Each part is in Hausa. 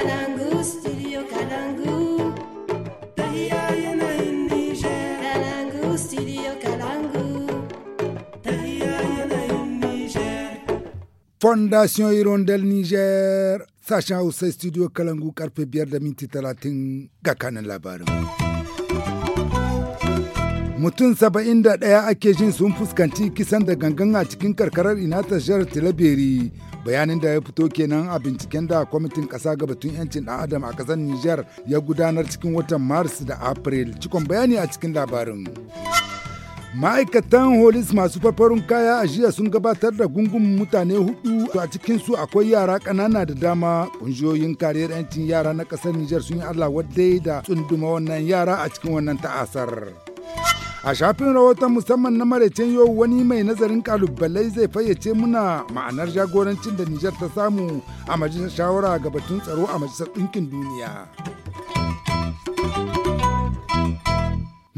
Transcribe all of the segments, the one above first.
Kalangu, studio Kalangu. Tahiya yanayin Niger. Kalangu, studio Kalangu. yanayin Niger. Fondation Niger. Hausa Studio Kalangu karfe biyar da minti talatin ga kanin mutum saba'in da ɗaya ake jin sun fuskanci kisan da gangan a cikin karkarar inata jihar tilaberi bayanin da ya fito kenan a binciken da kwamitin ƙasa ga batun 'yancin ɗan adam a ƙasar nijar ya gudanar cikin watan Mars da april cikon bayani a cikin labarin ma'aikatan holis masu farfarin kaya a jiya sun gabatar da gungun mutane hudu a cikinsu akwai yara ƙanana da dama ƙungiyoyin kariyar 'yancin yara na ƙasar nijar sun yi allah wadai da tsunduma wannan yara a cikin wannan ta'asar. A shafin rahoton musamman na maraicen yau wani mai nazarin kalubalai zai fayyace muna ma'anar jagorancin da Nijar ta samu a majalisar shawara ga batun tsaro a majalisar ɗinkin duniya.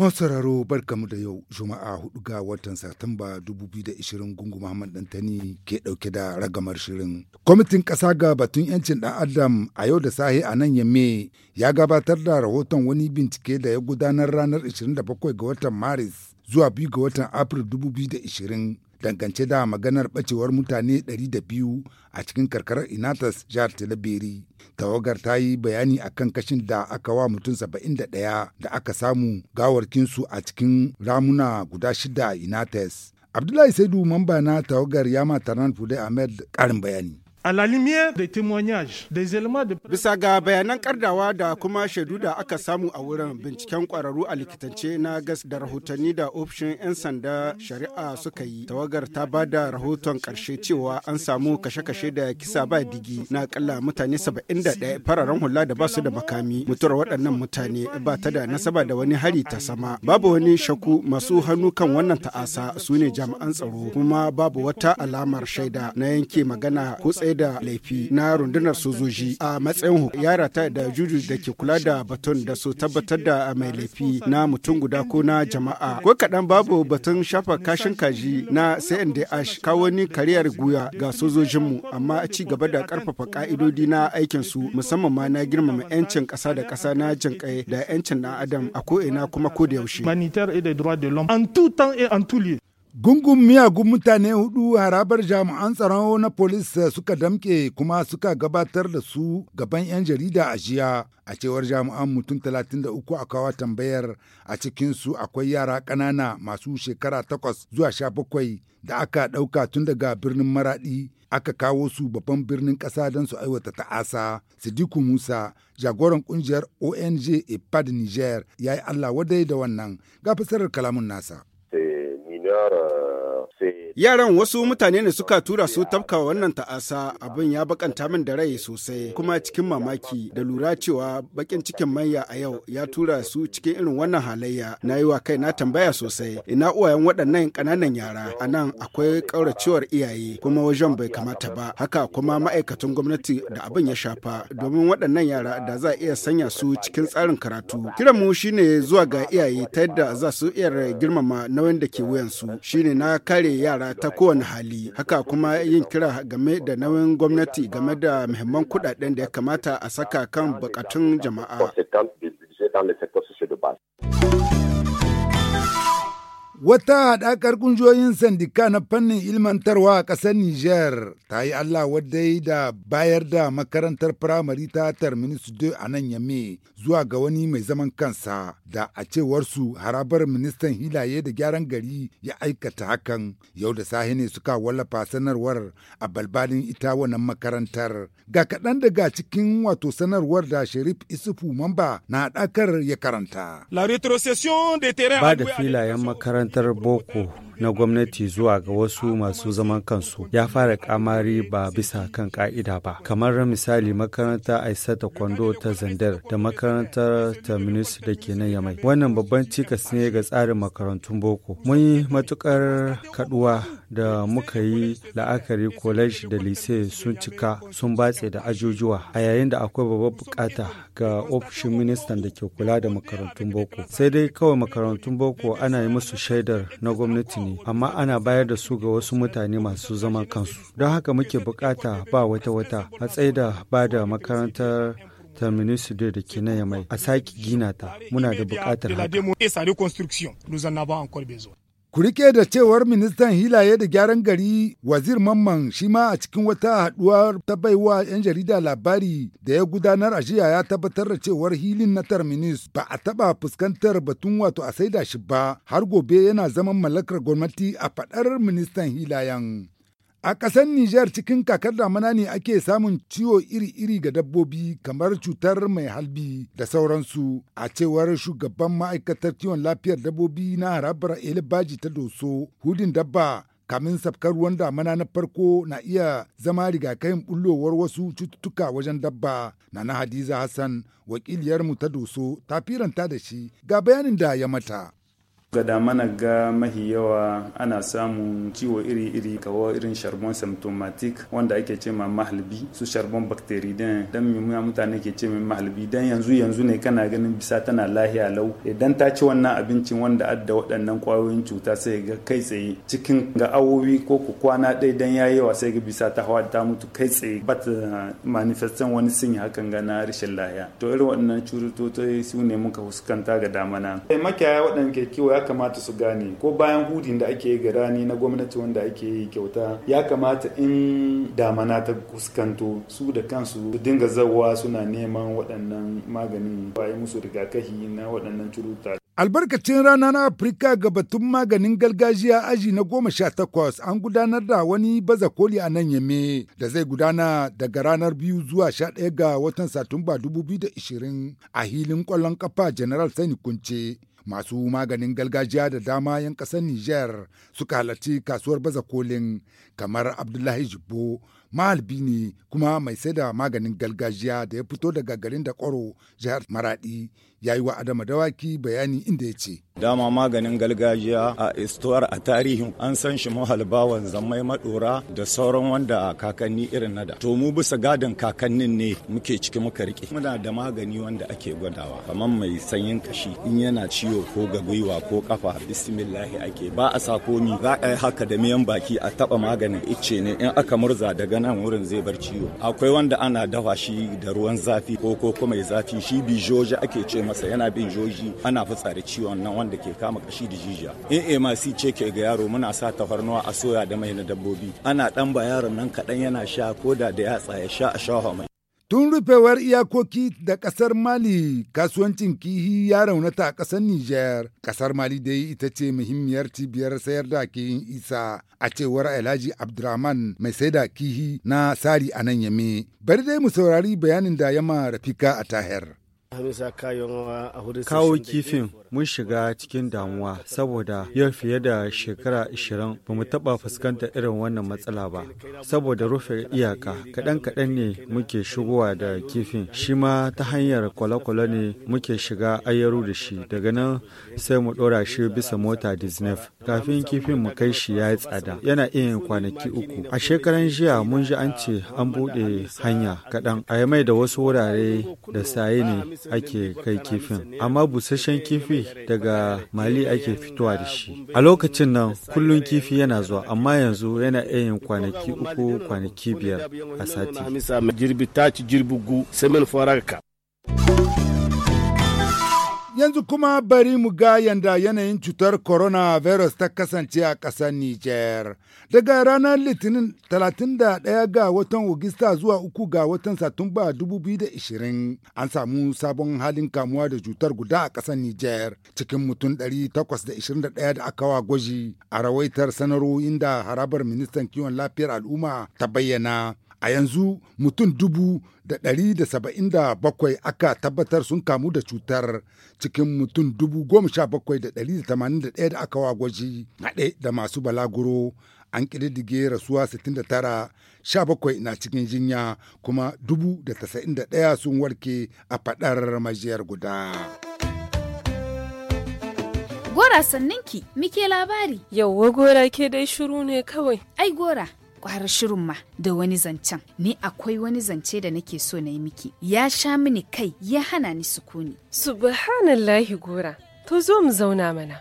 masararo barkamu da yau juma'a 4 ga watan satumba 2020 gungu muhammad dantani ke dauke da ragamar shirin kwamitin kasa ga batun yancin ɗan adam a yau da sahi a nan yamme ya gabatar da rahoton wani bincike da ya gudanar ranar 27 ga watan maris zuwa 2 ga watan april 2020 dangance da maganar bacewar mutane 200 a cikin karkarar inatas jihar talabiri tawagar ta yi bayani a kan kashin da aka wa mutum 71 da aka samu gawarkinsu a cikin ramuna guda shida a inatas abdullahi saidu mamba na tawagar yama taran fudai ahmed karin bayani A la lumière des témoignages, des éléments de Bisa ga bayanan kardawa da kuma shaidu da aka samu a wurin binciken kwararru a likitance na gas da rahotanni da ofishin 'yan sanda shari'a suka yi. Tawagar ta ba da rahoton karshe cewa an samu kashe-kashe da kisa ba digi na kalla mutane 71 fararen hula da basu da makami. Mutuwar waɗannan mutane ba ta da nasaba da wani hari ta sama. Babu wani shaku masu hannu kan wannan ta'asa su ne jami'an tsaro kuma babu wata alamar shaida na yanke magana ko tsaye da laifi na rundunar sojoji a matsayin yara ta da juju da ke kula da batun da su tabbatar da mai laifi na mutum guda ko na jama'a ko kaɗan babu batun shafa kashin kaji na cndh kawo ni kariyar guya ga sojojinmu amma ci gaba da karfafa ka'idodi na aikin su musamman ma na girmama 'yancin ƙasa da ƙasa na jinƙai da 'yancin ɗan adam a ko'ina kuma ko da yaushe. Gungun miyagun mutane hudu harabar jami'an tsaro na polis eh, suka damke kuma suka gabatar da su gaban 'yan jarida a jiya a cewar jami'an mutum 33 a kawo tambayar a cikinsu akwai yara ƙanana masu shekara 8 zuwa 17 da aka ɗauka tun daga birnin maraɗi aka kawo su babban birnin ƙasa don su aiwata ta'asa sidiku musa jagoran ƙungiyar ong epad niger ya yi allah wadai da wannan ga fasarar kalamun nasa Yada Yaran wasu mutane ne suka tura su tafka wannan ta'asa abin ya bakanta min da rai sosai kuma cikin mamaki da lura cewa bakin cikin manya a yau ya tura su cikin irin wannan halayya na yi wa kai na tambaya sosai ina uwayen waɗannan ƙananan yara a nan akwai ƙauracewar iyaye kuma wajen bai kamata ba haka kuma ma'aikatan gwamnati da abin ya shafa domin waɗannan yara da za iya sanya su cikin tsarin karatu kiran mu shine zuwa ga iyaye ta yadda za su iya girmama nauyin da ke wuyansu shine na kare kare yara ta kowane hali haka kuma yin kira game da nauyin gwamnati game da muhimman kudaden da ya kamata a saka kan bukatun jama'a. Wata haɗakar ƙungiyoyin sandika na fannin ilmantarwa a ƙasar Nijar ta yi Allah ya da bayar da makarantar firamare ta Terminus a nan Yame zuwa ga wani mai zaman kansa da a cewarsu harabar ministan hilaye da gyaran gari ya aikata hakan yau da sahi ne suka wallafa sanarwar a balbalin ita wannan makarantar. Ga kaɗan daga cikin wato sanarwar da Sharif Isufu Mamba na haɗakar ya karanta. La retrocession filayen makaranta fahimtar na gwamnati zuwa ga wasu masu zaman kansu ya fara kamari ba bisa kan ka'ida ba kamar misali makarantar aisata kwando ta zandar da makarantar ta da ke nan yamai wannan babban cikas ne ga tsarin makarantun boko mun yi matukar kaduwa da muka yi la'akari college da lise sun cika sun batse da ajujuwa a yayin da akwai babban bukata ga ofishin ministan da ke kula da makarantun boko sai dai kawai makarantun boko ana yi musu shaidar na gwamnati ne mu amma ana bayar da su ga wasu mutane masu zaman kansu don haka muke bukata ba wata-wata a tsaida ba da makarantar terminus da da ke na yamai a sake gina ta muna da bukatar haka Ku da cewar ministan hilaye da gyaran gari wazir mamman shi ma a cikin wata haɗuwar ta baiwa 'yan jarida labari da ya gudanar a jiya ya tabbatar da cewar hilin na terminus ba a taɓa fuskantar batun wato a saida shi ba har gobe yana zaman mallakar gwamnati a faɗar ministan hilayen. A ƙasar Nijar cikin kakar damana ne ake samun ciwo iri-iri ga dabbobi kamar cutar mai halbi da sauransu a cewar shugaban ma'aikatar kiwon lafiyar dabbobi na harabar elibaji ta doso hudin dabba kamin safkar ruwan damana na farko na iya zama rigakafin bullowar wasu cututtuka wajen dabba na na Hadiza Hassan wakiliyarmu ta doso ta firanta da shi ga bayanin da ya mata. gada mana ga mahi yawa ana samun ciwo iri-iri kawo irin charbon symptomatic wanda ake ce ma mahalbi su charbon bacteridin dan mimmiya mutane ke ce min mahalbi dan yanzu yanzu ne kana ganin bisa tana lahiya lau idan ta ci wannan abincin wanda adda waɗannan kwayoyin cuta sai ga kai tsaye cikin ga awowi ko ku kwana ɗaya dan yayi yawa sai ga bisa ta hawa ta mutu kai tsaye ba ta manifestan wani sinya hakan ga na rashin lahiya to irin waɗannan cututtuka su ne muka fuskanta ga damana makiyaya waɗanda ke kiwo ya ya kamata su gane ko bayan hudin da ake yi ga rani na gwamnati wanda ake yi kyauta ya kamata in damana ta fuskanto su da kansu su dinga zawa suna neman waɗannan maganin bayan musu rigakahi na waɗannan curuta. Albarkacin rana na Afirka ga batun maganin gargajiya aji na goma sha takwas an gudanar da wani baza koli a nan yame da zai gudana daga ranar biyu zuwa sha ɗaya ga watan Satumba 2020 a hilin kwallon kafa General Sani Kunce. masu maganin gargajiya da dama yan ƙasar Nijar suka halarci kasuwar baza kolin kamar Abdullahi Jibbo mahalbi ne kuma mai sai da maganin gargajiya da ya fito daga garin da kwaro jihar maradi ya yi wa adama dawaki bayani inda ya ce dama maganin gargajiya a istuwar a tarihin an san shi mahalbawan zammai madora da sauran wanda kakanni irin nada to mu bisa gadon kakannin ne muke ciki muka rike muna da magani wanda ake gwadawa kamar mai sanyin kashi in yana ciwo ko ga gwiwa ko kafa bismillahi ake ba a sa komi za a yi haka da miyan baki a taɓa maganin icce ne in aka murza daga nan wurin zai bar ciwo akwai wanda ana dafa shi da ruwan zafi ko ko mai zafi shi bijoji ake ce masa yana bin joji ana da ciwon nan wanda ke kama kashi da jijiya in AMC ce ke ga yaro muna sa tafarnuwa a soya da mai na dabbobi ana dan ba yaron nan kaɗan yana sha koda da yatsa ya sha a shaho mai Tun rufewar iyakoki da ƙasar Mali kasuwancin kihi ya raunata a ƙasar Nijar. Ƙasar Mali dai ita ce muhimmiyar cibiyar sayar da kihin isa a cewar Alhaji Abdurrahman mai sai da kihi na sari a nan yame. Bari dai mu saurari bayanin da yama Rafika a Tahir. Kawo kifin mun shiga cikin damuwa saboda yau fiye da shekara 20 ba mu taɓa fuskantar irin wannan matsala ba. Saboda rufe iyaka kaɗan-kaɗan ne muke shigowa da kifin shi ma ta hanyar kwale-kwale ne muke shiga ayyaru da shi daga nan sai mu ɗora shi bisa mota Disney. Kafin kifin mu kai shi ya yi tsada yana iya kwanaki uku. A shekaran jiya mun ji an ce an buɗe hanya kaɗan a mai da wasu wurare da saye ne ake kai kifin amma busasshen kifi daga mali ake fitowa da shi a lokacin nan kullum kifi yana zuwa amma yanzu yana iya yin kwanaki uku kwanaki biyar a sati Yanzu kuma bari mu ga yanda yanayin cutar coronavirus ta kasance a ƙasar Nijar. Daga ranar Litinin 31 ga watan Ogista zuwa 3 ga watan Satumba 2020 an samu sabon halin kamuwa da cutar guda a ƙasar Nijar cikin mutum 821 da aka wa gwaji a rawaitar sanarwoyin da harabar ministan kiwon lafiyar al'umma ta bayyana a yanzu mutum dubu da ɗari da saba'in da bakwai aka tabbatar sun kamu da cutar cikin mutum dubu goma sha bakwai da ɗari da tamanin da ɗaya da aka wagwaji haɗe da masu balaguro an ƙididdige rasuwa sha bakwai na cikin jinya kuma dubu da da daya sun warke a faɗar majiyar guda. Gora sanninki, muke labari. Yauwa gora ke dai shiru ne kawai. Ai gora, kwara shirin ma da wani zancen ni akwai wani zance da nake so na yi miki ya sha mini kai ya hana ni sukuni subhanallahi gora to zo mu zauna mana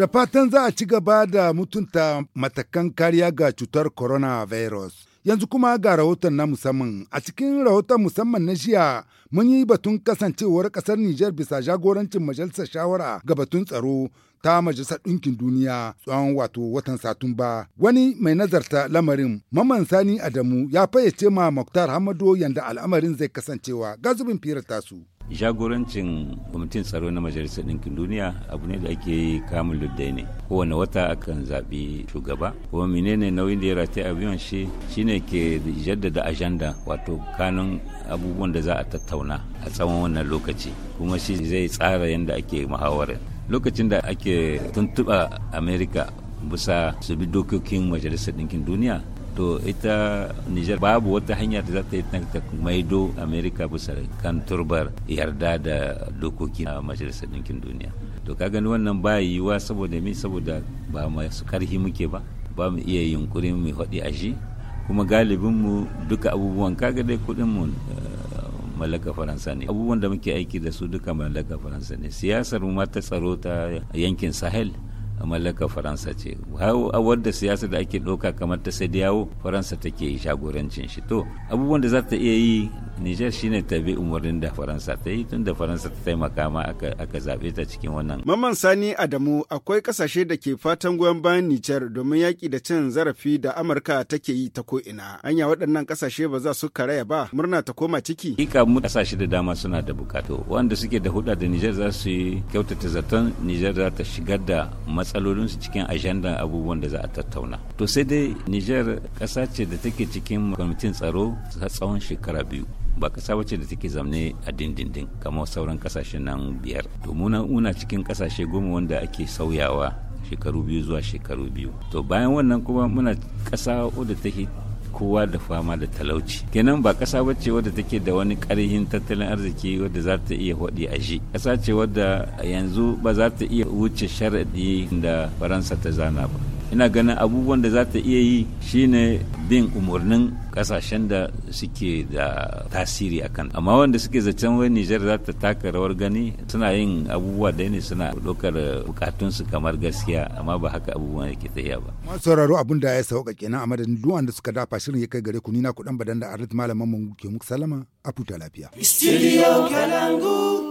Da fatan za a ci gaba da mutunta matakan kariya ga cutar coronavirus. Yanzu kuma ga rahoton na musamman. A cikin rahoton musamman na jiya mun yi batun kasancewar ƙasar Nijar bisa jagorancin majalisar shawara ga batun tsaro ta majalisar ɗinkin duniya tsawon wato watan Satumba. Wani mai nazarta lamarin Maman Sani Adamu ya fayyace ma Muktar Hamado yanda al'amarin zai kasancewa ga zubin firar tasu. jagorancin kwamitin tsaro na majalisar ɗinkin duniya abu ne da ake yi kamun luddai ne kowane wata akan zaɓi shugaba kuma menene nauyin da ya rataya a biyan shi shine ke jaddada ajanda wato kanun abubuwan da za a tattauna a tsawon wannan lokaci kuma shi zai tsara yadda ake muhawarar lokacin da ake tuntuɓa amerika bisa su bi dokokin majalisar ɗinkin duniya to ita nijar babu wata hanya da za ta yi ta maido amerika bisa kan turbar yarda da dokoki a majalisar ɗinkin duniya to ka gani wannan ba yiwuwa saboda mi saboda ba masu karhi muke ba ba mu iya yunkurin mu haɗi a shi kuma galibin mu duka abubuwan kaga dai kuɗin mu eh, mallaka faransa ne abubuwan da muke aiki da su duka mallaka faransa ne siyasar mu ma ta tsaro ta yankin sahel mallakar faransa ce wadda siyasa da ake ɗauka kamar ta sai faransa take shagorancin shi to abubuwan da za ta iya yi Nijar shine ta bi umarnin da Faransa ta yi tun da Faransa ta taimaka ma aka zaɓe ta cikin wannan. mamman Sani Adamu akwai ƙasashe da ke fatan goyon bayan Nijar domin yaƙi da cin zarafi da Amurka take yi ta ko'ina. Anya waɗannan ƙasashe ba za su karaya ba murna ta koma ciki. Ika mu ƙasashe da dama suna da bukatu wanda suke da hulɗa da Nijar za su yi kyautata zaton Nijar za ta shigar da matsalolinsu cikin ajandan abubuwan da za a tattauna. To sai dai Nijar ƙasa ce da take cikin kwamitin tsaro ta tsawon shekara biyu. ba kasa wacce da take zamne a dindindin kamar sauran kasashen nan biyar domin una cikin kasashe goma wanda ake sauyawa shekaru biyu zuwa shekaru biyu to bayan wannan kuma muna kasa wadda take kowa da fama da talauci kenan ba kasa wacce wadda take da wani karihin tattalin arziki wadda za ta iya hodi a shi kasa ce wadda yanzu ba za ta iya wuce sharadi da faransa ta zana ba ina ganin abubuwan da za ta iya yi shine bin umarnin kasashen da suke da tasiri a akan amma wanda suke zaton wai Nijar za ta taka rawar gani suna yin abubuwa da ne suna dokar bukatunsu kamar gaskiya amma ba haka abubuwan yake tafiya ba. Masu sauraro abun da ya sauka kenan a madadin duwan da suka dafa shirin ya kai gare ku nina kudan badan da Arlit Malaman mun ke muku salama a futa lafiya. Studio Kalangu.